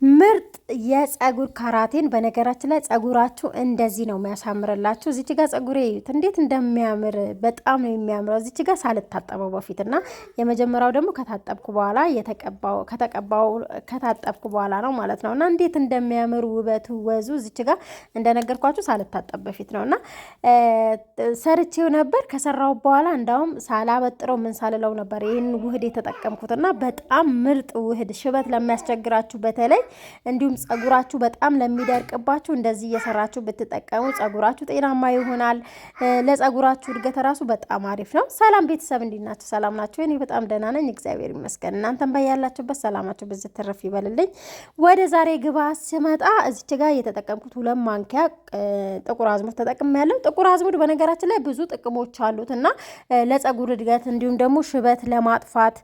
Мир የጸጉር ካራቴን በነገራችን ላይ ጸጉራችሁ እንደዚህ ነው የሚያሳምርላችሁ። እዚች ጋር ጸጉሬ እዩት እንዴት እንደሚያምር በጣም ነው የሚያምረው። እዚች ጋር ሳልታጠበው በፊት እና የመጀመሪያው ደግሞ ከታጠብኩ በኋላ ከተቀባው ከታጠብኩ በኋላ ነው ማለት ነው እና እንዴት እንደሚያምር ውበቱ ወዙ። እዚች ጋር እንደነገርኳችሁ ሳልታጠብ በፊት ነው እና ሰርቼው ነበር። ከሰራው በኋላ እንዳውም ሳላበጥረው ምን ሳልለው ነበር ይህን ውህድ የተጠቀምኩት እና በጣም ምርጥ ውህድ ሽበት ለሚያስቸግራችሁ በተለይ እንዲሁም ጸጉራችሁ በጣም ለሚደርቅባችሁ እንደዚህ እየሰራችሁ ብትጠቀሙ ጸጉራችሁ ጤናማ ይሆናል። ለጸጉራችሁ እድገት ራሱ በጣም አሪፍ ነው። ሰላም ቤተሰብ፣ እንዴት ናቸው? ሰላም ናቸው? እኔ በጣም ደህና ነኝ፣ እግዚአብሔር ይመስገን። እናንተም በያላችሁበት ሰላማችሁ ብዝ ትርፍ ይበልልኝ። ወደ ዛሬ ግባ ስመጣ እዚች ጋር እየተጠቀምኩት ሁለት ማንኪያ ጥቁር አዝሙድ ያለው ጥቁር አዝሙድ በነገራችን ላይ ብዙ ጥቅሞች አሉት እና ለጸጉር እድገት እንዲሁም ደግሞ ሽበት ለማጥፋት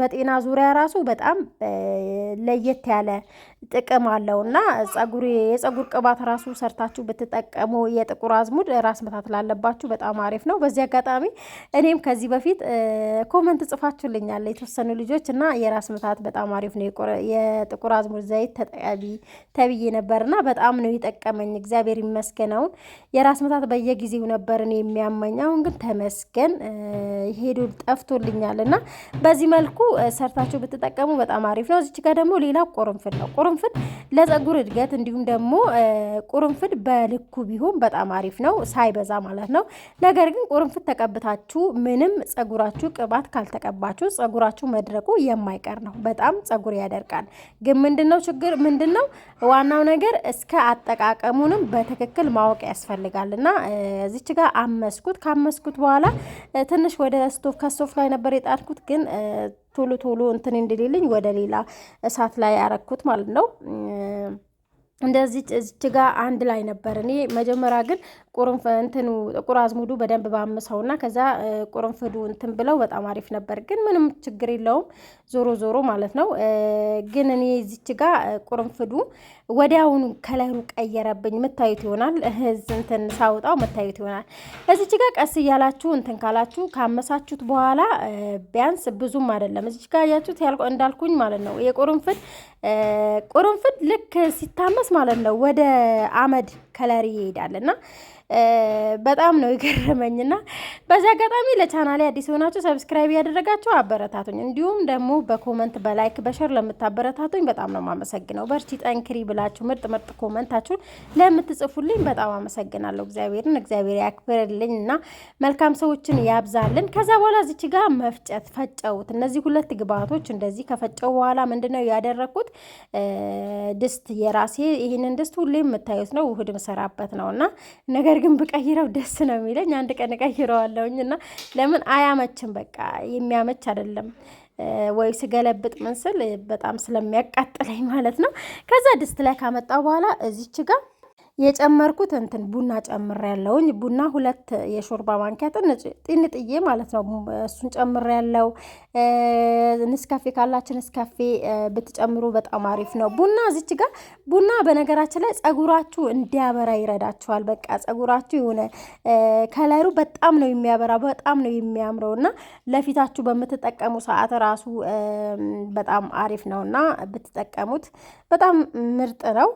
በጤና ዙሪያ ራሱ በጣም ለየት ያለ ያለ ጥቅም አለው እና ጸጉር የጸጉር ቅባት ራሱ ሰርታችሁ ብትጠቀሙ የጥቁር አዝሙድ ራስ ምታት ላለባችሁ በጣም አሪፍ ነው። በዚህ አጋጣሚ እኔም ከዚህ በፊት ኮመንት ጽፋችሁልኛል የተወሰኑ ልጆች እና የራስ ምታት በጣም አሪፍ ነው የጥቁር አዝሙድ ዘይት ተጠቃቢ ተብዬ ነበር እና በጣም ነው የጠቀመኝ። እግዚአብሔር ይመስገነውን የራስ ምታት በየጊዜው ነበር የሚያመኝ አሁን ግን ተመስገን ሄዶ ጠፍቶልኛል እና በዚህ መልኩ ሰርታችሁ ብትጠቀሙ በጣም አሪፍ ነው። እዚች ጋር ደግሞ ሌላ ቆር ቁርንፍድ ነው። ቁርንፍድ ለፀጉር እድገት እንዲሁም ደግሞ ቁርንፍድ በልኩ ቢሆን በጣም አሪፍ ነው፣ ሳይበዛ ማለት ነው። ነገር ግን ቁርንፍድ ተቀብታችሁ ምንም ጸጉራችሁ ቅባት ካልተቀባችሁ ጸጉራችሁ መድረቁ የማይቀር ነው። በጣም ፀጉር ያደርቃል። ግን ምንድነው ችግር ምንድነው? ዋናው ነገር እስከ አጠቃቀሙንም በትክክል ማወቅ ያስፈልጋል። እና እዚች ጋር አመስኩት። ካመስኩት በኋላ ትንሽ ወደ ስቶቭ ከስቶፍ ላይ ነበር የጣድኩት ግን ቶሎ ቶሎ እንትን እንደሌለኝ ወደ ሌላ እሳት ላይ ያረኩት ማለት ነው። እንደዚህ እዚች ጋ አንድ ላይ ነበር። እኔ መጀመሪያ ግን ቁርንፍ እንትኑ ጥቁር አዝሙዱ በደንብ ባምሰውና ከዛ ቁርንፍዱ እንትን ብለው በጣም አሪፍ ነበር። ግን ምንም ችግር የለውም ዞሮ ዞሮ ማለት ነው። ግን እኔ እዚች ጋ ቁርንፍዱ ወዲያውኑ ከለሩ ቀየረብኝ። ምታዩት ይሆናል ህዝ እንትን ሳውጣው ምታዩት ይሆናል። እዚች ጋ ቀስ እያላችሁ እንትን ካላችሁ ካመሳችሁት በኋላ ቢያንስ ብዙም አይደለም እዚች ጋ እያችሁት እንዳልኩኝ ማለት ነው። የቁርንፍድ ቁርንፍድ ልክ ሲታመስ ማለት ነው ወደ አመድ ከለር ይሄዳል እና በጣም ነው የገረመኝና በዚህ አጋጣሚ ለቻናሌ አዲስ የሆናችሁ ሰብስክራይብ ያደረጋችሁ አበረታቱኝ። እንዲሁም ደግሞ በኮመንት በላይክ በሸር ለምታበረታቱኝ በጣም ነው የማመሰግነው። በርቺ ጠንክሪ ብላችሁ ምርጥ ምርጥ ኮመንታችሁን ለምትጽፉልኝ በጣም አመሰግናለሁ። እግዚአብሔርን እግዚአብሔር ያክብርልኝ እና መልካም ሰዎችን ያብዛልን። ከዛ በኋላ እዚች ጋር መፍጨት ፈጨውት እነዚህ ሁለት ግብአቶች እንደዚህ ከፈጨው በኋላ ምንድነው ነው ያደረግኩት ድስት የራሴ ይህንን ድስት ሁሌ የምታዩት ነው። ውህድ ምሰራበት ነው እና ነገር ግን ብቀይረው ደስ ነው የሚለኝ። አንድ ቀን እቀይረዋለሁኝ እና ለምን አያመችም፣ በቃ የሚያመች አይደለም ወይ ስገለብጥ ምን ስል በጣም ስለሚያቃጥለኝ ማለት ነው። ከዛ ድስት ላይ ካመጣው በኋላ እዚች ጋር የጨመርኩት እንትን ቡና ጨምር ያለውኝ ቡና ሁለት የሾርባ ማንኪያ ጥንጥዬ ማለት ነው፣ እሱን ጨምር ያለው ንስካፌ ካላችን ንስካፌ ብትጨምሩ በጣም አሪፍ ነው። ቡና እዚች ጋር ቡና በነገራችን ላይ ጸጉራችሁ እንዲያበራ ይረዳችኋል። በቃ ጸጉራችሁ የሆነ ከለሩ በጣም ነው የሚያበራ በጣም ነው የሚያምረው እና ለፊታችሁ በምትጠቀሙ ሰዓት ራሱ በጣም አሪፍ ነው እና ብትጠቀሙት በጣም ምርጥ ነው።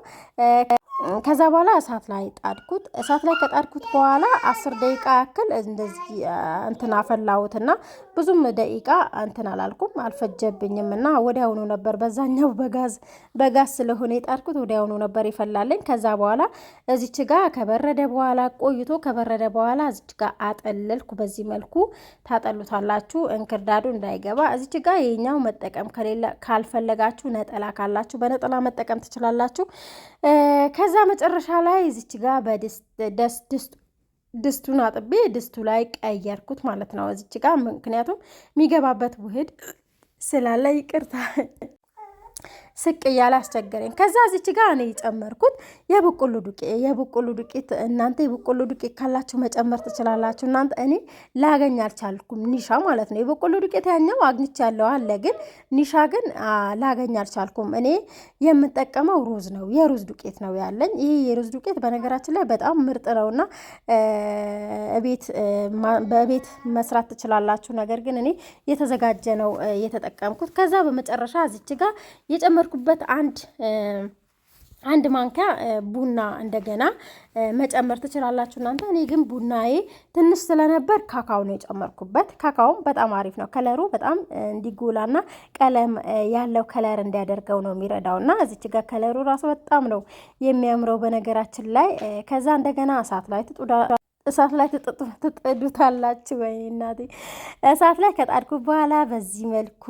ከዛ በኋላ እሳት ላይ ጣድኩት። እሳት ላይ ከጣድኩት በኋላ አስር ደቂቃ ያክል እንደዚህ እንትን አፈላሁትና ብዙም ደቂቃ እንትን አላልኩም አልፈጀብኝም፣ እና ወዲያውኑ ነበር በዛኛው በጋዝ በጋዝ ስለሆነ የጣድኩት ወዲያውኑ ነበር ይፈላለኝ። ከዛ በኋላ እዚች ጋ ከበረደ በኋላ ቆይቶ ከበረደ በኋላ እዚች ጋ አጠለልኩ። በዚህ መልኩ ታጠሉታላችሁ፣ እንክርዳዱ እንዳይገባ። እዚች ጋ የኛው መጠቀም ካልፈለጋችሁ ነጠላ ካላችሁ በነጠላ መጠቀም ትችላላችሁ። ከዛ መጨረሻ ላይ እዚች ጋር ድስቱን አጥቤ ድስቱ ላይ ቀየርኩት ማለት ነው። እዚች ጋር ምክንያቱም የሚገባበት ውህድ ስላለ ይቅርታ ስቅ እያለ አስቸገረኝ። ከዛ እዚች ጋር እኔ የጨመርኩት የበቆሎ ዱቄ የበቆሎ ዱቄት እናንተ የበቆሎ ዱቄት ካላችሁ መጨመር ትችላላችሁ። እናንተ እኔ ላገኝ አልቻልኩም፣ ኒሻ ማለት ነው። የበቆሎ ዱቄት ያኛው ያለው አለ፣ ግን ኒሻ ግን ላገኝ አልቻልኩም። እኔ የምጠቀመው ሩዝ ነው፣ የሩዝ ዱቄት ነው ያለኝ። ይሄ የሩዝ ዱቄት በነገራችን ላይ በጣም ምርጥ ነውና ቤት በቤት መስራት ትችላላችሁ። ነገር ግን እኔ የተዘጋጀ ነው የተጠቀምኩት። ከዛ በመጨረሻ እዚች ጋር የጨመር በጨመርኩበት አንድ አንድ ማንኪያ ቡና እንደገና መጨመር ትችላላችሁ እናንተ። እኔ ግን ቡናዬ ትንሽ ስለነበር ካካው ነው የጨመርኩበት። ካካውም በጣም አሪፍ ነው። ከለሩ በጣም እንዲጎላና ቀለም ያለው ከለር እንዲያደርገው ነው የሚረዳው እና እዚች ጋር ከለሩ ራሱ በጣም ነው የሚያምረው በነገራችን ላይ። ከዛ እንደገና እሳት ላይ እሳት ላይ ትጠዱታላችሁ። ወይ እናቴ እሳት ላይ ከጣድኩ በኋላ በዚህ መልኩ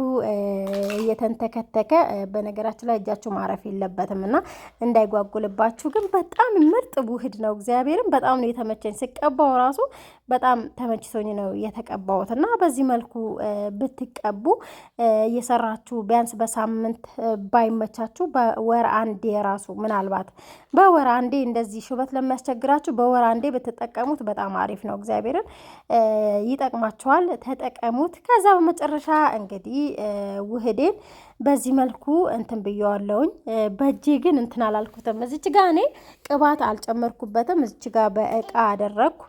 እየተንተከተከ በነገራችን ላይ እጃችሁ ማረፍ የለበትም እና እንዳይጓጉልባችሁ። ግን በጣም ምርጥ ውህድ ነው። እግዚአብሔርም በጣም ነው የተመቸኝ። ስቀባው ራሱ በጣም ተመችቶኝ ነው የተቀባሁት እና በዚህ መልኩ ብትቀቡ እየሰራችሁ ቢያንስ በሳምንት ባይመቻችሁ በወር አንዴ ራሱ ምናልባት በወር አንዴ እንደዚህ ሽበት ለሚያስቸግራችሁ በወር አንዴ ብትጠቀሙት በጣም አሪፍ ነው። እግዚአብሔርን ይጠቅማቸዋል፣ ተጠቀሙት። ከዛ በመጨረሻ እንግዲህ ውህዴን በዚህ መልኩ እንትን ብየዋለውኝ። በእጄ ግን እንትን አላልኩትም። እዚች ጋ እኔ ቅባት አልጨመርኩበትም። እዚች ጋ በእቃ አደረግኩ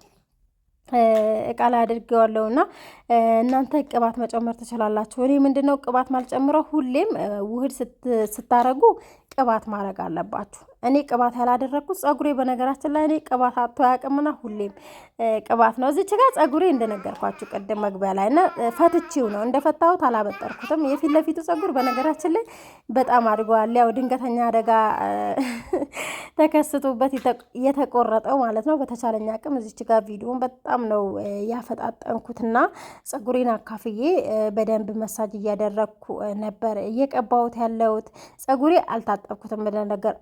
እቃ ላይ አድርጌዋለሁ እና እናንተ ቅባት መጨመር ትችላላችሁ። እኔ ምንድነው ቅባት ማልጨምረው፣ ሁሌም ውህድ ስታረጉ ቅባት ማድረግ አለባችሁ። እኔ ቅባት ያላደረግኩት ጸጉሬ፣ በነገራችን ላይ እኔ ቅባት አቶ ያቅምና ሁሌም ቅባት ነው። እዚች ጋር ጸጉሬ እንደነገርኳችሁ ቅድም መግቢያ ላይ እና ፈትቼው ነው እንደፈታሁት አላበጠርኩትም። የፊት ለፊቱ ጸጉር በነገራችን ላይ በጣም አድገዋል። ያው ድንገተኛ አደጋ ተከስቶበት የተቆረጠው ማለት ነው። በተቻለኛ አቅም እዚች ጋር ቪዲዮን በጣም ነው ያፈጣጠንኩትና ጸጉሬን አካፍዬ በደንብ መሳጅ እያደረግኩ ነበር እየቀባሁት ያለሁት። ጸጉሬ አልታጠብኩትም ነገር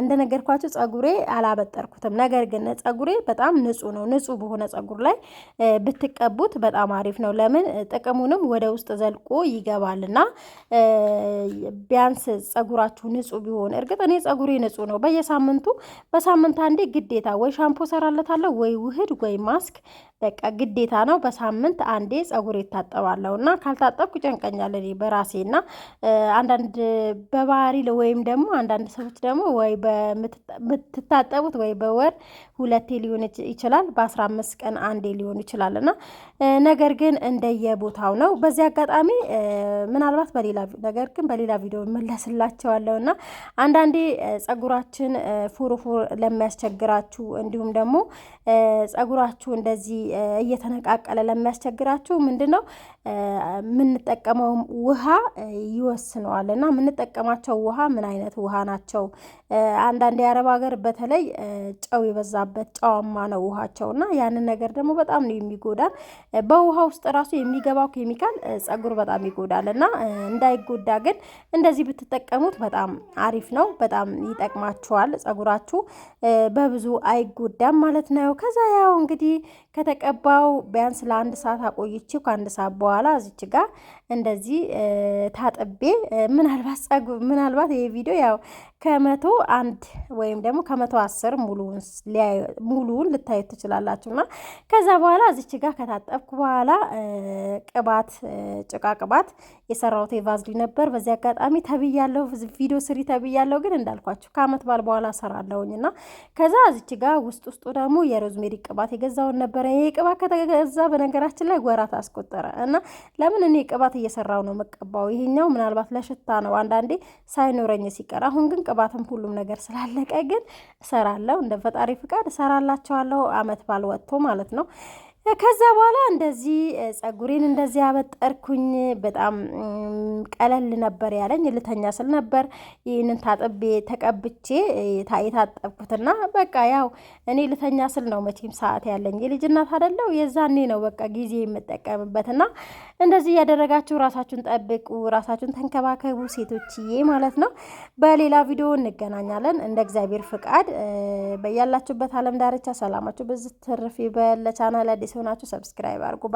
እንደነገርኳቸው ጸጉሬ አላበጠርኩትም። ነገር ግን ጸጉሬ በጣም ንጹህ ነው። ንጹህ በሆነ ጸጉር ላይ ብትቀቡት በጣም አሪፍ ነው። ለምን ጥቅሙንም ወደ ውስጥ ዘልቆ ይገባልና ቢያንስ ጸጉራችሁ ንጹህ ቢሆን። እርግጥ እኔ ጸጉሬ ንጹህ ነው። በየሳምንቱ በሳምንት አንዴ ግዴታ ወይ ሻምፖ ሰራለታለሁ ወይ ውህድ ወይ ማስክ በቃ ግዴታ ነው። በሳምንት አንዴ ጸጉር ይታጠባለሁ እና ካልታጠብኩ ጨንቀኛል እኔ በራሴ እና አንዳንድ በባህሪ ወይም ደግሞ አንዳንድ ሰዎች ደግሞ ወይ በምትታጠቡት ወይ በወር ሁለቴ ሊሆን ይችላል፣ በ15 ቀን አንዴ ሊሆን ይችላል እና ነገር ግን እንደየቦታው ነው። በዚህ አጋጣሚ ምናልባት በሌላ ነገር ግን በሌላ ቪዲዮ መለስላቸዋለሁ እና አንዳንዴ ጸጉራችን ፉርፉር ለሚያስቸግራችሁ እንዲሁም ደግሞ ጸጉራችሁ እንደዚህ እየተነቃቀለ ለሚያስቸግራችሁ ምንድን ነው የምንጠቀመው ውሃ ይወስነዋል እና የምንጠቀማቸው ውሃ ምን አይነት ውሃ ናቸው? አንዳንዴ የአረብ ሀገር በተለይ ጨው የበዛ የሚገባበት ጨዋማ ነው ውሃቸው እና ያንን ነገር ደግሞ በጣም ነው የሚጎዳን። በውሃ ውስጥ ራሱ የሚገባው ኬሚካል ጸጉር በጣም ይጎዳል እና እንዳይጎዳ ግን እንደዚህ ብትጠቀሙት በጣም አሪፍ ነው፣ በጣም ይጠቅማችኋል። ጸጉራችሁ በብዙ አይጎዳም ማለት ነው። ከዛ ያው እንግዲህ ከተቀባው ቢያንስ ለአንድ ሰዓት አቆይቼ ከአንድ ሰዓት በኋላ እዚች ጋር እንደዚህ ታጥቤ ምናልባት ጸጉር ምናልባት ይሄ ቪዲዮ ያው ከመቶ አንድ ወይም ደግሞ ከመቶ አስር ሙሉውን ሊያዩ ሙሉውን ልታየት ትችላላችሁ። እና ከዛ በኋላ እዚች ጋር ከታጠብኩ በኋላ ቅባት ጭቃ ቅባት የሰራሁት የቫዝሊ ነበር። በዚህ አጋጣሚ ተብያለሁ፣ ቪዲዮ ስሪ ተብያለሁ። ግን እንዳልኳችሁ ከአመት በዓል በኋላ ሰራለሁኝ እና ከዛ እዚች ጋር ውስጥ ውስጡ ደግሞ የሮዝሜሪ ቅባት የገዛውን ነበረ። ይሄ ቅባት ከተገዛ በነገራችን ላይ ወራት አስቆጠረ እና ለምን እኔ ቅባት እየሰራው ነው መቀባው። ይሄኛው ምናልባት ለሽታ ነው አንዳንዴ ሳይኖረኝ ሲቀር፣ አሁን ግን ቅባትም ሁሉም ነገር ስላለቀ ግን እሰራለሁ። እንደ ፈጣሪ ፍቃድ እሰራላቸዋለሁ። አመት ባል ወጥቶ ማለት ነው። ከዛ በኋላ እንደዚህ ጸጉሬን እንደዚህ አበጠርኩኝ። በጣም ቀለል ነበር ያለኝ። ልተኛ ስል ነበር ይህንን ታጥቤ ተቀብቼ የታጠብኩትና በቃ ያው እኔ ልተኛ ስል ነው መቼም ሰዓት ያለኝ የልጅ እናት አደለው። የዛኔ ነው በቃ ጊዜ የምጠቀምበትና እንደዚህ እያደረጋችሁ ራሳችሁን ጠብቁ፣ ራሳችሁን ተንከባከቡ ሴቶችዬ ማለት ነው። በሌላ ቪዲዮ እንገናኛለን እንደ እግዚአብሔር ፍቃድ። በያላችሁበት አለም ዳርቻ ሰላማችሁ ብዙ ትርፍ ይበል። ለቻናል አዲስ होना तो सब्सक्राइबर को